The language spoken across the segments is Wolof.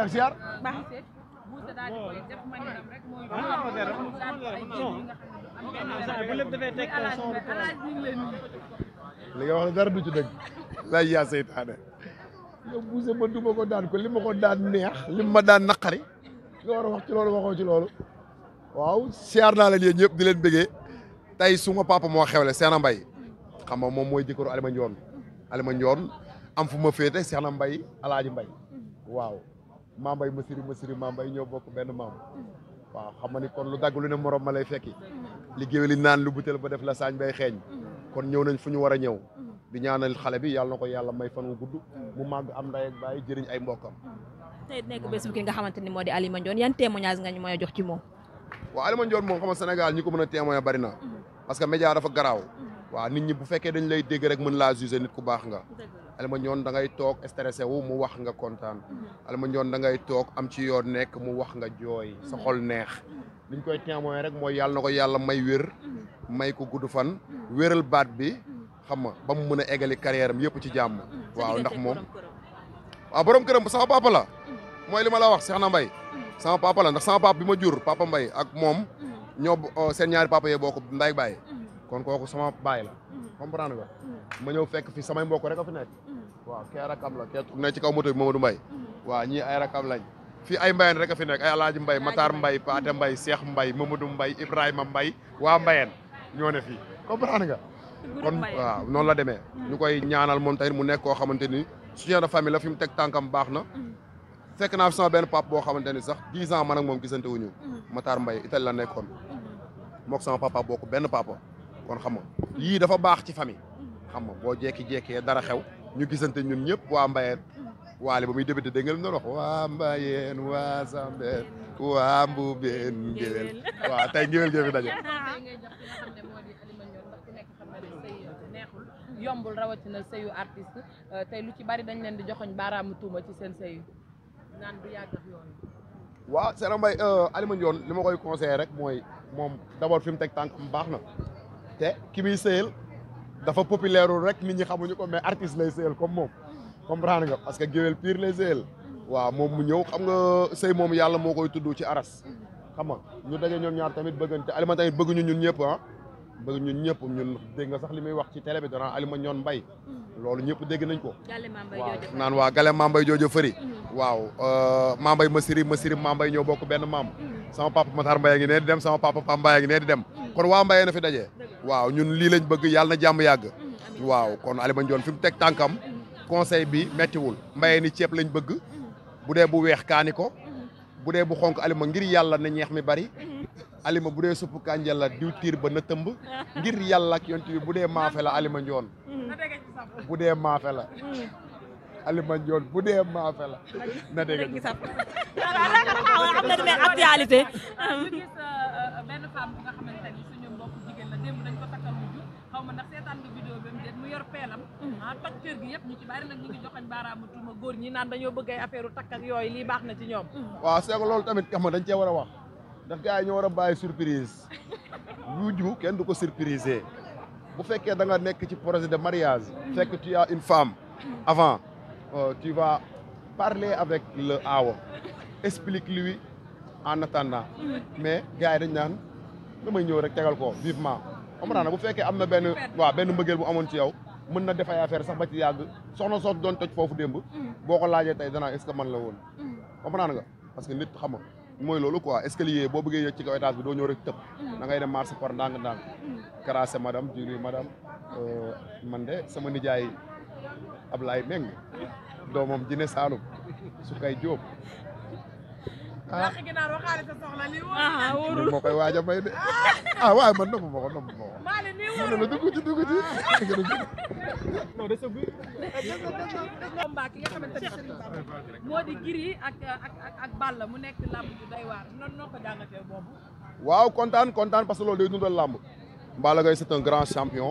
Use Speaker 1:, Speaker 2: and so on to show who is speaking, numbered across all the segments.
Speaker 1: père ziar. li wax dara du ci dëgg laaj yaa seytaane yow buuse ba duma ko daan ko li ma ko daan neex li ma daan naqari nga war a wax ci loolu waxoo ci loolu waaw siyaar naa leen yéen di leen bëggee tey suma papa moo xewle Seexna Mbay xam nga moom mooy jëkkëru Alima Ndione Alima Ndione am fu ma féete Seexna Mbay Alaaji Mbay waaw mambay masiri masiri mambay ñëw bokk benn maam waaw xam nga ni kon lu dagg lu ne morom ma lay fekki liggéey li naan lu butéel ba def la saañ bay xeeñ kon ñëw nañ fu ñu war a ñëw di ñaanal xale bi yàlla na ko yàlla may fan wu gudd mu bi am nday ak bàyyi jëriñ ay mbokkam tey nekk bés bu ki nga xamante ni moo di Alima Ndione yan témoignage nga ñu a jox ci moom waaw Alima Ndione moom xam nga Sénégal ñi ko mën a témoigner bari na mm-hmm. parce que média dafa garaaw mm-hmm. waaw nit ñi bu fekkee dañ lay dégg rek mën laa jugé nit ku baax nga alma ñoon da ngay toog stressé wu mu wax nga kontaan mhm. alma ñoon da ngay toog am ci yoon nekk mu wax nga jooy sa mhm. xol neex mhm. liñ koy témoin rek mooy yàlla na ko yàlla may wér may ko gudd fan wéral baat bi xam nga ba mu mën a eggali carrière am yëpp ci jàmm waaw ndax moom waaw borom këram sama papa la mooy li la wax Cheikh na mbay sama papa la ndax sama papa bi ma jur papa mbay ak moom ñoo seen ñaari papa boo ko nday bàyyi kon kooku sama baay la mhm. mhm. ma ñëw fekk fi samay mbokku rek a fi nekk mhm. waaw kee rakam la kee ne ci kaw moto bi Mamadou Mbaye waaw ñii ay rakam lañ fii ay mbayeen rek a fi nekk ay Alaaji Mbaye Matar Mbaye Paate Mbaye Cheikh Mbaye Mamadou Ibrahima mbay waa mbayeen ñoo ne fii comprendre nga kon waaw noonu la demee ñu koy ñaanal moom tamit mu nekk koo xamante ni soutien de famille fi mu teg tànkam baax na fekk naa fi sama benn pap boo xamante ni sax dix ans ma ak moom gisante wuñu Matar Mbaye Italie la nekkoon mook sama papa bokk benn papa kon xam nga dafa baax ci famille xam nga boo jekki dara xew ñu gisante ñun ñëpp waa mbaye waale ba muy débuté dégg nga wax waa mbayeen waa sambeen waa mbubeen waaw tey Ils yombul rawatina artiste euh, tey lu ci bari dañ leen di ci Mbaye euh, rek na te ki muy dafa populaire rek nit ñi xamuñu ko mais artiste lay sëyal comme mom comprendre nga parce que géwél pire lay sëyal wa mom mu ñew xam nga sey mom yalla mo koy tuddu ci aras xam nga ñu dajé ñom ñaar tamit bëggante alima tamit ñu ñun ñëpp ha ah. bëgg ñun ñëpp ñun dégg nga sax limay wax ci télé bi dara alima ñon mbay loolu ñëpp dégg nañ ko waaw naan waa gale mambay jojo fëri mhm. waaw euh, mambay masiri masiri mambay ñoo bokk ben mam mhm. sama papa Matar Mbaye a ngi né di dem sama papa Pam Mbaye a ngi di dem kon waa Mbaye na fi daje waaw ñun lii lañ bëgg yàlla na jàmm yàgg waaw kon Aly Mandione Ndione fi mu teg tànkam conseil bi méttiwul Mbaye ni ceeb lañ bëgg bu dee bu weex kaani ko bu dee bu xonk alima ngir yàlla na ñeex mi bari alima bu dee suppu kànja la diw tiir ba na tëmb ngir yàlla ak yonent bi bu dee maafe la Aly bu dee maafe la Aly Mandione bu dee maafe la na dégg ci démb dañ ko takkal mu jur xaw ndax seetaan nga vidéo bi mu mu yor peelam mm. ah toj kër gi yëpp ñu ci bari nag ñu ngi joxañ baaraamu tuuma góor ñi naan dañoo bëgg ay affaire takk ak yooyu lii baax ci ñoom mm. waaw seeko loolu tamit xam dañ cee war wax ndax gars yi ñoo war a bàyyi surprise kenn du surpriser bu fekkee da nga nekk ci projet de mariage fekk tu as une femme avant euh, tu vas parler avec le awa explique lui en attendant mm. mais gars dañ naan damay ñëw rek tegal ko vivement comprendre na bu fekkee am na benn waa benn mbëggeel bu amoon ci yow mën na def ay sax ba ci yàgg soxna soot doon toj foofu démb mm-hmm. boo ko laajee tey danaa est-ce que man la woon comprendre mm-hmm. nga parce que nit xam nga mooy loolu quoi escalier boo buggee yëg ci kaw étage bi doo ñëw rek tëb mm-hmm. da ngay dem marché par ndànk-ndànk karaase madame juri madame euh, man de sama nijaay Ablaye Meng doomam Jine Saalum su kay Jóob ah, ah, ah moo koy waaj a may de ah waaye man nopp ma ko nopp ma ko. ma ne la dugg ci dugg ci. non de sëb bi. combat ki nga xamante ne Serigne Bamba moo di Gris ak ak ak Balla mu nekk làmb ju day waar noonu noo ko jàngatee boobu. waaw kontaan kontaan parce que loolu day dundal làmb. Balla Gaye c'est un grand champion.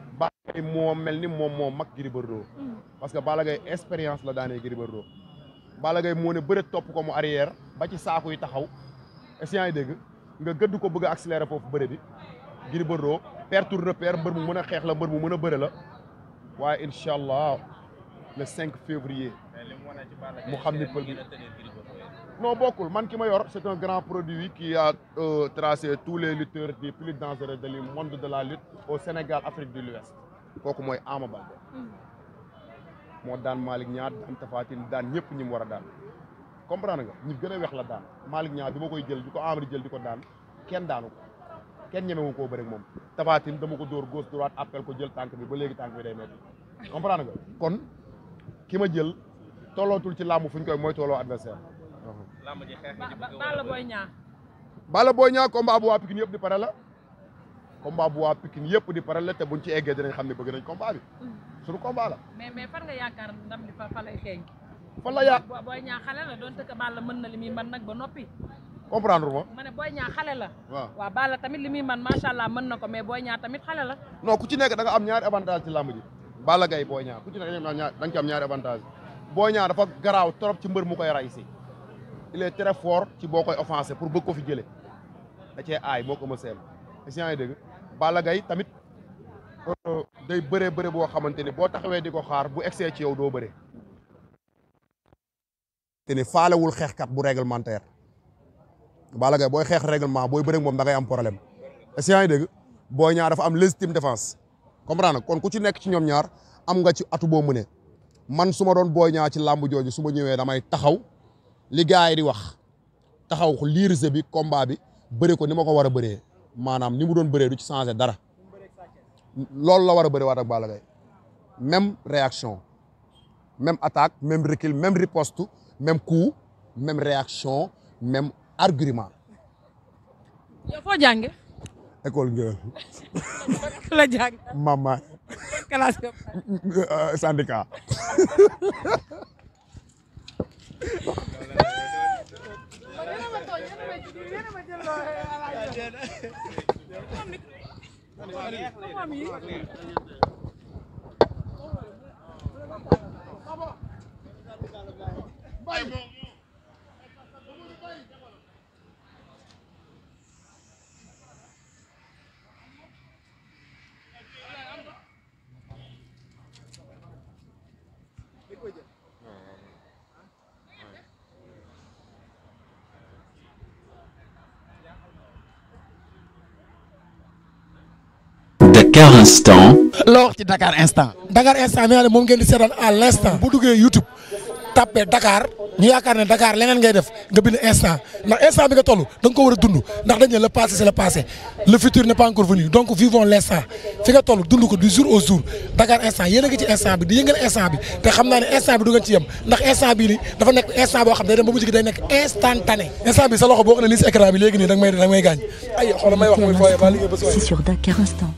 Speaker 1: moo mel ni moom moo mag GRIBORO. parce que Bala Gaye expérience la daanee Gris Bordeaux Balla Gaye moo ne bëre topp ko mu arrière ba ci saaku yi taxaw essient yi dégg nga gëdd ko bëgg a accélérer foofu bëre bi Gris Bordeaux pertour repère mbër mu mën a xeex la mbër mu mën a la le 5 février mu xam ni non bokkul man ki ma yor c'est un grand produit qui a euh, tracé tous les lutteurs les plus dangereux du monde de la lutte au Sénégal Afrique de l'Ouest kooku mooy Ama Baldé moo daan Malick Niang daan Tapha daan ñëpp ñi mu war a daan comprendre nga ñi gën a wex la daan Malick Niang bi ma koy jël di ko Ama di jël di ko daan kenn daanu ko kenn ñemewu koo bëri moom Tapha Tine dama ko dóor gauche droite appel ko jël tànk bi ba léegi tànk bi day metti comprendre nga kon ki ma jël tollootul ci làmb fuñ koy mooy tolloo adversaire làmb ji xeex Balla Boy bu waa Pikine yëpp di pare la combat bu waa Pikine yëpp di pare la te buñ ci eggee dinañ xam bëgg nañ combat bi. Mm. suñu combat la. mais mais fan nga yaakaar ndam li fa fa lay feeñ. fan la ya boy ñaa xalé la don doon tëkk Balla mën na limi man nak ba nopi comprendre ma. mané boy booy xalé xale la. wa waaw Balla tamit limi man mën macha allah mën nako mais boy ñaa tamit xalé la. non ku ci nekk da nga am ñaari avantage ci lamb ji. Balla gay boy ñaa ku ci nekk da nga ci am ñaari avantage booy ñaa dafa graw torop ci mbeur mu koy ray si. il est très fort ci bokoy koy pour bëgg ko fi jëlé da ci ay moko ma sel si yaa ngi dégg Balla Gaye tamit euh, day bëre bëre boo xamante ni boo taxawee di ko xaar bu egsee ci yow doo bëre te ni faalewul xeexkat bu réglementaire Balla Gaye booy xeex réglement booy bëre moom da ngay am problème est-ce que yaa ngi dégg booy ñaar dafa am légitime défense comprendre nga kon ku ci nekk ci ñoom ñaar am nga ci atu boo mënee man su ma doon booy ñaar ci làmb jooju su ma ñëwee damay taxaw li yi di wax taxaw liir bi combat bi bëri ko ni ma ko war a bëree maanaam ni mu doon bëree du ci changé dara loolu la war a bëri waat ak Balla Gaye même réaction même attaque même recul même riposte même coup même réaction même argument. yow foo jànge école ngeen. mama. classe. Come Bye, Dakar Instant. Instant à l'instant. passé le futur n'est pas encore venu donc vivons c'est sur Dakar Instant.